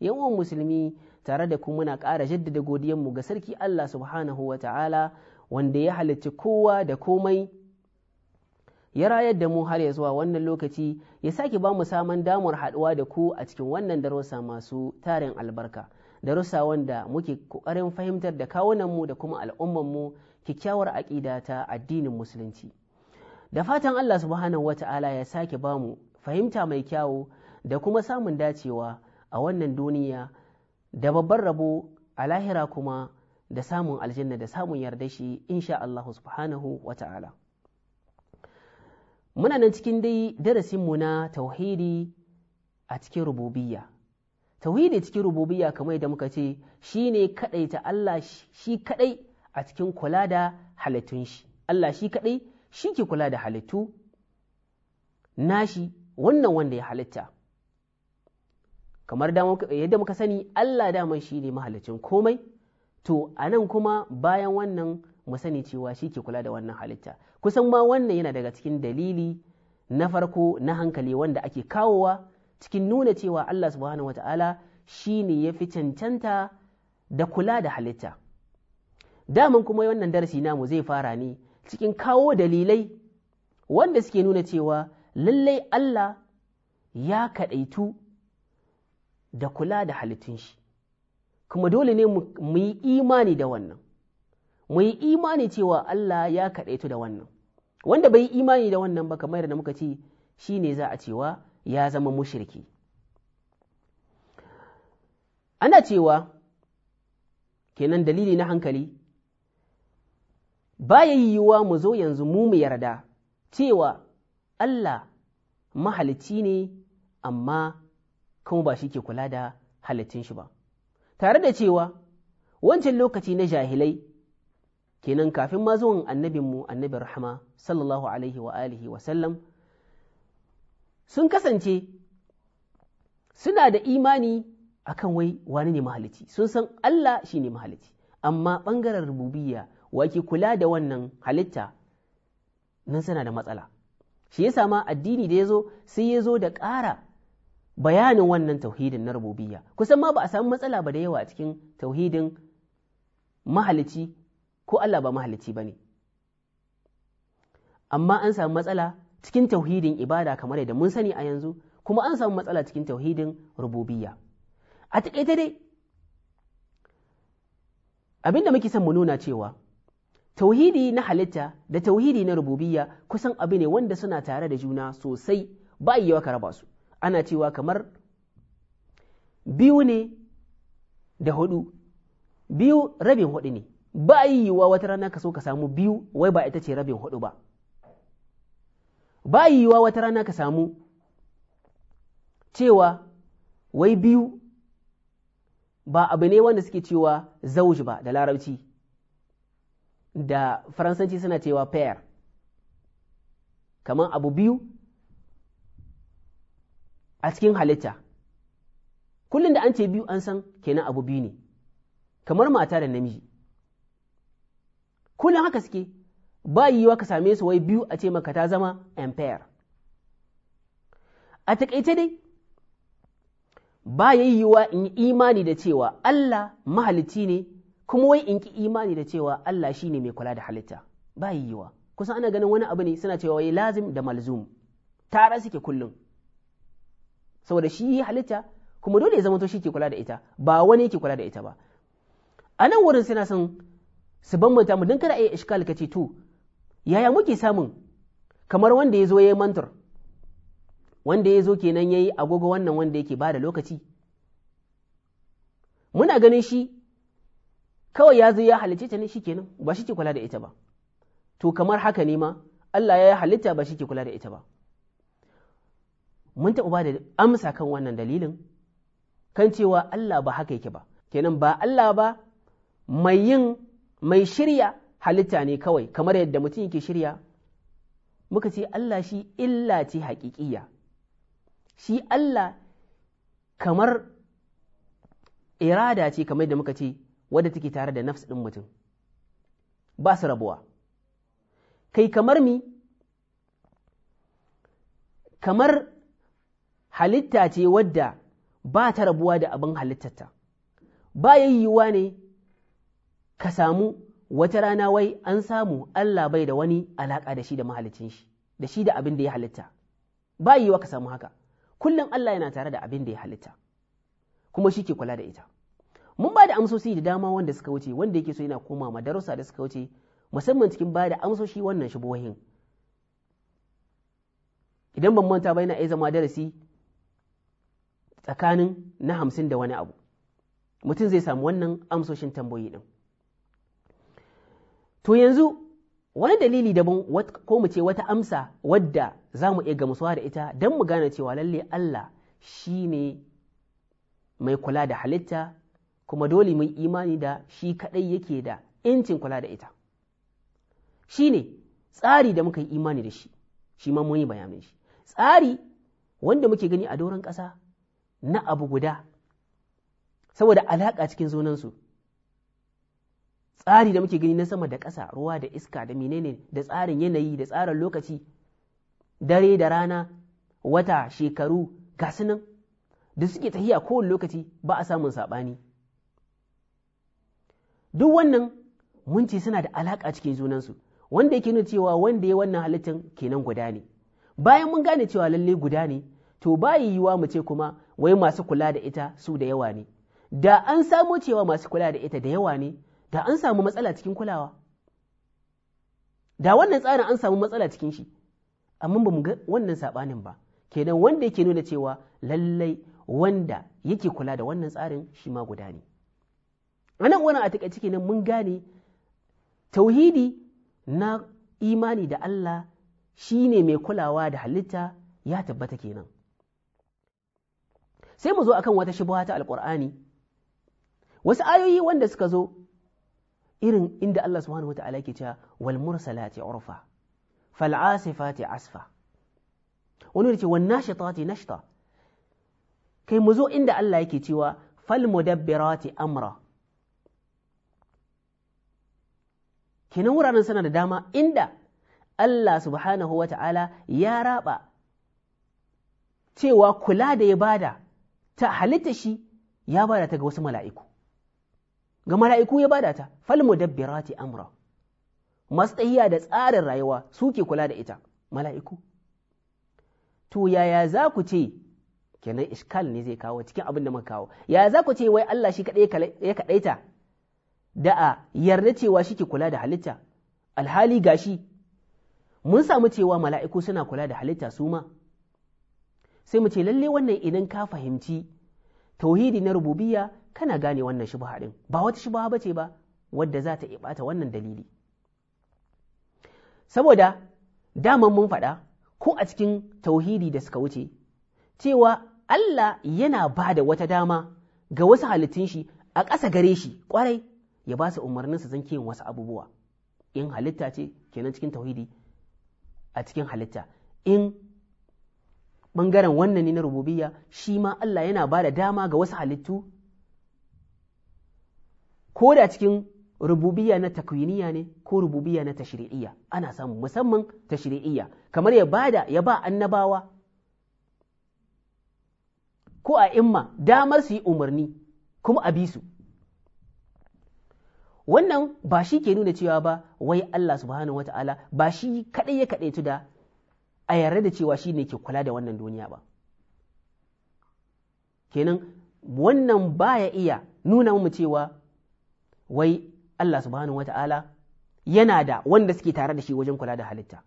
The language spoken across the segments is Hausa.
yawan musulmi tare da ku muna ƙara jaddada godiyanmu ga sarki Allah subhanahu wa ta'ala wanda ya halicci kowa da komai ya rayar da mu har ya zuwa wannan lokaci ya sake ba mu saman damar haɗuwa da ku a cikin wannan darussa masu tarin albarka darussa wanda muke ƙoƙarin fahimtar da kawunanmu da kuma al'ummanmu kyakkyawar aƙida ta addinin musulunci da fatan Allah subhanahu wa ta'ala ya sake ba mu fahimta mai kyawu da kuma samun dacewa a wannan duniya da babban rabo a lahira kuma da samun aljanna da samun yarda shi insha Allah subhanahu wa ta'ala muna nan cikin dai darasin mu na tauhidi a cikin rububiyya tauhidi cikin rububiyya kamar yadda muka ce shine ne kaɗaita Allah shi kadai a cikin kula da halittun shi Allah shi kadai shi ke kula da halittu nashi wannan wanda ya halitta kamar yadda muka sani Allah daman shi ne mahalicin komai to a nan kuma bayan wannan mu sani cewa shi ke kula da wannan halitta kusan ma wannan yana daga cikin dalili na farko na hankali wanda ake kawowa cikin nuna cewa Allah subhanahu wata'ala shi ne ya fi cancanta da kula da halitta daman kuma wannan darasi namu zai fara ne cikin kawo dalilai wanda suke nuna cewa lallai Allah ya kaɗaitu da kula da halittun shi kuma dole ne mu yi imani da wannan mu yi imani cewa Allah ya kaɗaitu da wannan wanda bai yi imani da wannan ba kamar da muka ce shi ne za a cewa ya zama mushirki ana cewa kenan dalili na hankali ba ya yiwuwa mu zo yanzu mu mu yarda cewa Allah mahalicci ne amma kuma ba shi ke kula da halittun shi ba tare da cewa wancan lokaci na jahilai kenan kafin ma zuwan annabinmu annabin rahama sallallahu alaihi wa alihi wa sallam sun kasance suna da imani akan wai wani ne mahalici sun san Allah shi ne mahalici amma ɓangaren Rububiya wake kula da wannan halitta nan suna da matsala shi yasa ma addini da ya zo sai ya zo da ƙara bayanin wannan tauhidin na rububiyya kusan ma ba a samu matsala ba da yawa a cikin tauhidin mahalici ko Allah ba mahalici ba ne amma an samu matsala cikin tauhidin ibada kamar yadda mun sani a yanzu kuma an samu matsala cikin tauhidin rububiyya a taƙaita dai abin da muke son mu nuna cewa tauhidi na halitta da tauhidi na rububiyya kusan abu ne wanda suna tare da juna sosai ba yawa ka raba su ana cewa kamar biyu ne da hudu biyu rabin hudu ne ba yi yiwuwa wata rana ka so ka samu biyu wai ba ita ce rabin hudu ba ba yi yiwuwa wata rana ka samu cewa wai biyu ba abu ne wanda suke cewa zauji ba da larabci da faransanci suna cewa pair kamar abu biyu a cikin halitta kullum da an ce biyu an san kenan abu biyu ne kamar mata da namiji kullum haka suke ba yiwuwa ka same su wai biyu a ce maka ta zama empire a taƙaice dai ba ya in yi imani da cewa Allah mahalicci ne kuma wai in ki imani da cewa Allah shi ne mai kula da halitta ba yiwuwa kusan ana ganin wani abu ne suna cewa wai lazim da malzum tare suke kullum saboda shi yi halitta kuma dole ya zama to shi ke kula da ita ba wani yake kula da ita ba a nan wurin suna son su bambanta mu don kada a yi ka ce to yaya muke samun kamar wanda ya zo ya yi mantar wanda ya zo kenan ya yi agogo wannan wanda yake ba da lokaci muna ganin shi kawai ya zo ya halicce ta ne shi kenan ba shi ke kula da ita ba to kamar haka ne ma Allah ya halitta ba shi ke kula da ita ba mun taɓa ba da amsa kan wannan dalilin kan cewa Allah ba haka yake ba kenan ba Allah ba mai yin mai shirya halitta ne kawai kamar yadda mutum yake shirya muka ce Allah shi illa ce haƙiƙiya shi Allah kamar irada ce kamar yadda muka ce wadda take tare da nafs ɗin mutum ba su rabuwa kai kamar mi kamar halitta ce wadda ba ta rabuwa da abin halittarta ba yayyuwa ne ka samu wata rana wai an samu Allah bai da wani alaƙa da shi da mahalicin shi da shi da abin da ya halitta ba yiwa ka samu haka kullum Allah yana tare da abin da ya halitta kuma shi ke kula da ita mun ba da amsoshi da dama wanda suka wuce wanda yake so yana koma ma darussa da suka wuce musamman cikin ba da amsoshi wannan shubohin idan ban manta ba yana iya zama darasi tsakanin na hamsin da wani abu mutum zai samu wannan amsoshin tambayi ɗin to yanzu wani dalili daban ko mu ce wata amsa wadda za mu iya gamsuwa da ita don mu gane cewa lalle Allah shi ne mai kula da halitta kuma dole mai imani da shi kaɗai yake da incin kula da ita shi ne tsari da muka yi imani da shi shi ma mun yi bayanin shi tsari wanda muke gani a doron ƙasa na abu guda saboda alaƙa cikin zonansu tsari da muke gani na sama da ƙasa ruwa da iska da menene da tsarin yanayi da tsarin lokaci dare da rana wata shekaru gasunan da suke tahiya kowane lokaci ba a samun saɓani duk wannan mun ce suna da alaƙa cikin zunansu, wanda yake nuna cewa wanda ya wannan halittar kenan guda ne bayan mun gane cewa lalle guda ne to ba yiwuwa mu ce kuma wai masu kula da ita su da yawa ne da an samu cewa masu kula da ita da yawa ne da an samu matsala cikin kulawa da wannan tsarin an samu matsala cikin shi amma ba mu ga wannan saɓanin ba kenan wanda yake nuna cewa lallai wanda yake kula da wannan tsarin shi ma guda ne a nan wani a ciki nan mun gane tauhidi na imani da Allah shi ne mai kulawa da halitta ya tabbata kenan sai mu zo akan wata shubha ta alqur'ani wasu ayoyi wanda suka zo irin inda Allah subhanahu wataala ke cewa wal mursalati urfa fal asifati asfa wani yace wan nashitati nashta kai mu zo inda Allah yake cewa fal mudabbirati amra kenan wuraren suna da dama inda Allah subhanahu ya raba cewa kula da ya bada ta halitta shi ya bada ta ga wasu mala'iku ga mala'iku ya bada ta Falmu mudabbirati amra masu tsayiya da tsarin rayuwa suke kula da ita mala'iku to yaya za ku ce kenan iskal ne zai kawo cikin abin da muka kawo yaya za ku ce wai Allah shi ya kaɗaita da a yarda cewa shi ke kula da halitta alhali gashi mun samu cewa mala'iku suna kula da halitta su ma sai mu ce lalle wannan idan ka fahimci tauhidi na rububiyya kana gane wannan shubha din ba wata shubha bace ba wadda za ta ibata wannan dalili saboda daman mun faɗa ko a cikin tauhidi da suka wuce cewa Allah yana ba da wata dama ga wasu halittun shi a ƙasa gare shi kwarai ya ba su umarnin su zanke wasu abubuwa in halitta ce kenan cikin tauhidi a cikin halitta in ɓangaren wannan ne na rububiyya shi ma Allah yana ba da dama ga wasu halittu ko da cikin rububiyya na takwiniya ne ko rububiyya na tashri'iyya ana samun musamman tashri'iyya kamar ya bada ya ba annabawa ko a imma damar su yi umarni kuma a bi su wannan ba shi ke nuna cewa ba wai Allah subhanahu Ta'ala, ba shi kaɗai ya kaɗaitu da a yarda da cewa shi ne ke kula da wannan duniya ba kenan wannan baya iya nuna mu cewa wai Allah subhanahu wata'ala yana da wanda suke tare da shi wajen kula da halitta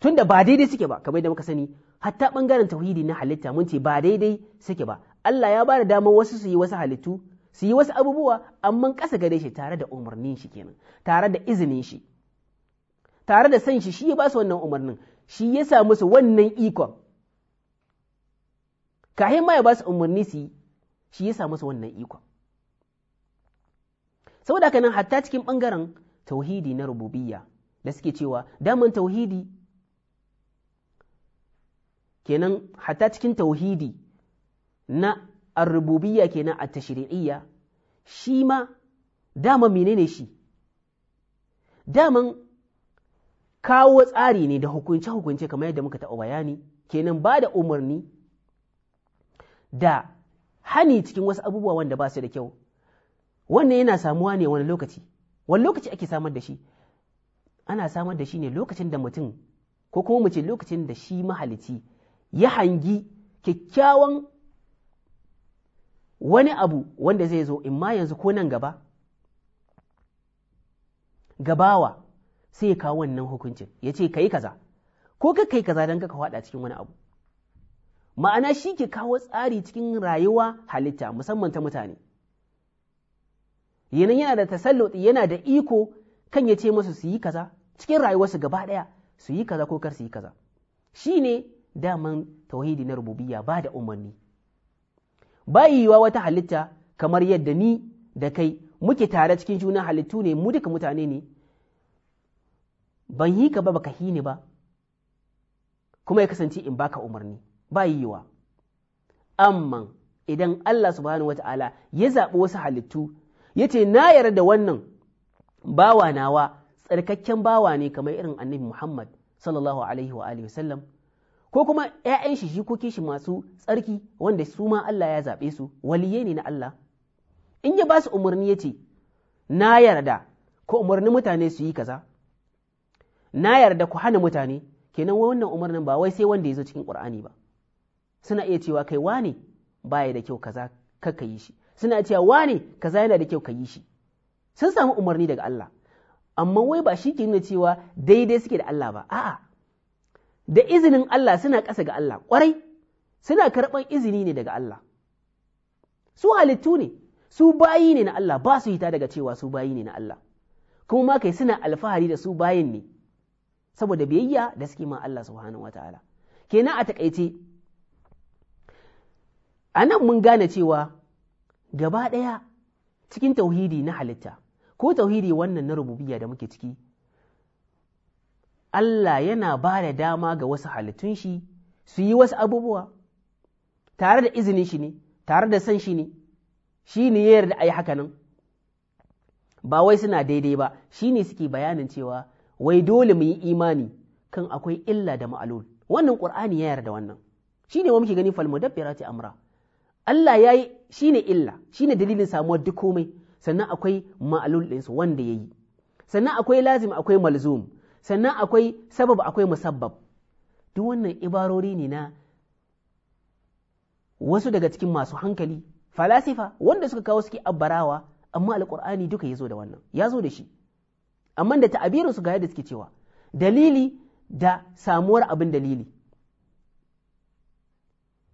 tunda ba daidai suke ba kamar da muka sani hatta bangaren tauhidi na halitta mun ce ba daidai suke ba Allah ya bada damar wasu su yi wasu halittu su yi wasu abubuwa amma ƙasa gare shi tare da umarnin shi kenan tare da izinin shi tare da san shi shi ya ba su wannan umarnin shi ya sa musu wannan ikon kahin ma ya ba su umarni su yi shi ya sa musu wannan ikon saboda da nan hatta cikin ɓangaren tauhidi na rububiyya da suke cewa daman tauhidi kenan hatta cikin tauhidi na arububiyya kenan a tashiri'iyya, shi ma dama menene shi daman kawo tsari ne da hukunce-hukunce kamar yadda muka taɓa bayani kenan ba da umarni da hani cikin wasu abubuwa wanda ba su da kyau wannan yana samuwa ne wani lokaci wani lokaci ake samar da shi ana samar da shi ne lokacin da mutum ko kuma mu lokacin da shi mahalici ya hangi kyakkyawan wani abu wanda zai zo in ma yanzu ko nan gaba gabawa sai ya kawo wannan hukuncin ya ce ka yi kaza ko ka kai kaza don ka faɗa cikin wani abu ma'ana shi ke kawo tsari cikin rayuwa halitta musamman ta mutane Yanayin yana da tasalluɗi yana da iko kan ya ce masu su yi kaza cikin rayuwarsu gaba ɗaya su yi kaza ko kar su yi kaza shi ne daman tauhidi na rububiya, ba da umarni ba yiwuwa wata halitta kamar yadda ni da kai muke tare cikin juna halittu ne mu duka mutane ne ban yi ka ba baka hi ni ba kuma ya kasance in baka umarni ba yiwa amma idan Allah subhanahu wata'ala ya zaɓi wasu halittu yace na yarda da wannan bawa nawa tsarkakken bawa ne kamar irin annabi Muhammad sallallahu alaihi wa alihi wasallam ko kuma ‘ya'yan shi ko shi masu tsarki wanda su ma Allah ya zaɓe su waliye ne na Allah in ya ba su umarni yace na yarda ko umarni mutane su yi kaza na yarda ku hana mutane kenan wannan umarnin ba wai sai wanda ya zo cikin Qur'ani ba suna iya cewa kai wane baya da kyau kaza ka yi shi suna cewa wane kaza yana da kyau ka yi shi sun samu umarni daga Allah amma wai ba shi ke nuna cewa daidai suke da Allah ba a'a da izinin Allah suna kasa ga Allah ƙwarai suna karɓar izini ne daga Allah su halittu ne su bayi ne na Allah ba su hita daga cewa su bayi ne na Allah kuma ma kai suna alfahari da su bayin ne saboda biyayya da suke ma Allah subhanahu ta'ala kenan a takaice anan mun gane cewa gaba ɗaya cikin tauhidi na halitta ko tauhidi wannan na rububiyya da muke ciki Allah yana ba da dama ga wasu halittun shi su yi wasu abubuwa tare da izinin shi ne tare da san shi ne shi ne ya yarda a yi haka nan ba wai suna daidai ba shi ne suke bayanin cewa wai dole mu yi imani kan akwai illa da ma'alul wannan qur'ani ya yarda wannan shine wa muke gani fal mudabbirati amra Allah yayi shine illa shine dalilin samuwar duk komai sannan akwai ma'alul din su wanda yi. sannan akwai lazim akwai malzum sannan akwai sabab akwai musabbab duk wannan ibarori ne na wasu daga cikin masu hankali falasifa wanda suka kawo suke abbarawa amma alqur'ani duka yazo da wannan Ya zo da shi amma da ta'abirin su ga yadda suke cewa dalili da samuwar abin dalili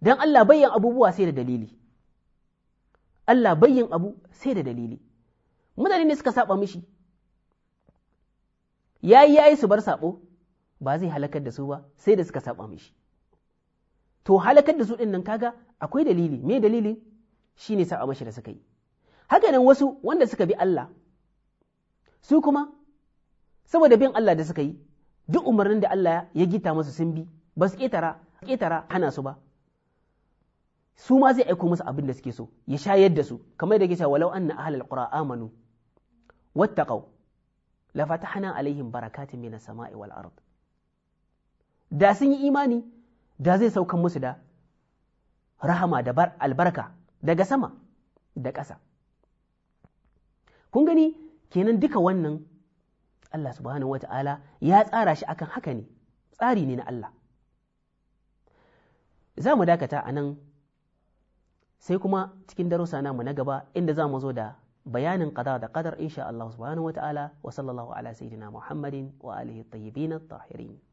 dan Allah bayyan abubuwa sai da dalili Allah bayyan abu sai da dalili mutane ne suka saba mishi yayi yayi su bar sabo ba zai halakar da su ba sai da suka saba mishi to halakar da su ɗin nan kaga akwai dalili me dalili shine saba mashi da suka yi haka nan wasu wanda suka bi Allah su kuma saboda bin Allah da suka yi duk umarnin da Allah ya gita musu sun bi ba su ƙetara ƙetara hana su ba su ma zai aiko musu abin da suke so ya shayar da su kamar da ke cewa walau anna ahlal qura amanu wattaqau la fatahna alaihim barakatin minas sama'i wal ard da sun yi imani da zai saukan musu da rahama da albarka daga sama da ƙasa kun gani kenan duka wannan Allah subhanahu wa ta'ala ya tsara shi akan haka ne, tsari ne na Allah. Za mu dakata a nan sai kuma cikin darussa namu na gaba inda za mu zo da bayanin qada da qadar insha Allah subhanahu wa ta'ala wa sallallahu ala sayyidina Muhammadin wa alihi tayyibin tahirin